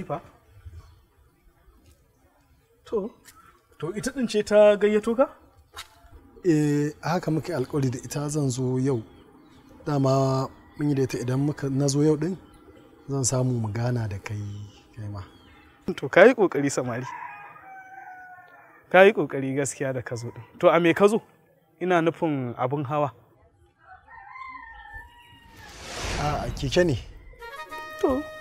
Ifa? To, to ita ɗin ce ta gayyato ka? Eh, haka muke alkawari da ita zan zo yau. Dama mun yi da ita idan muka na zo yau din zan samu mu gana da kai kai ma. To, ka yi samari. Ka yi gaskiya da ka zo din To, a me ka zo? Ina nufin abin hawa. A keke ne. To,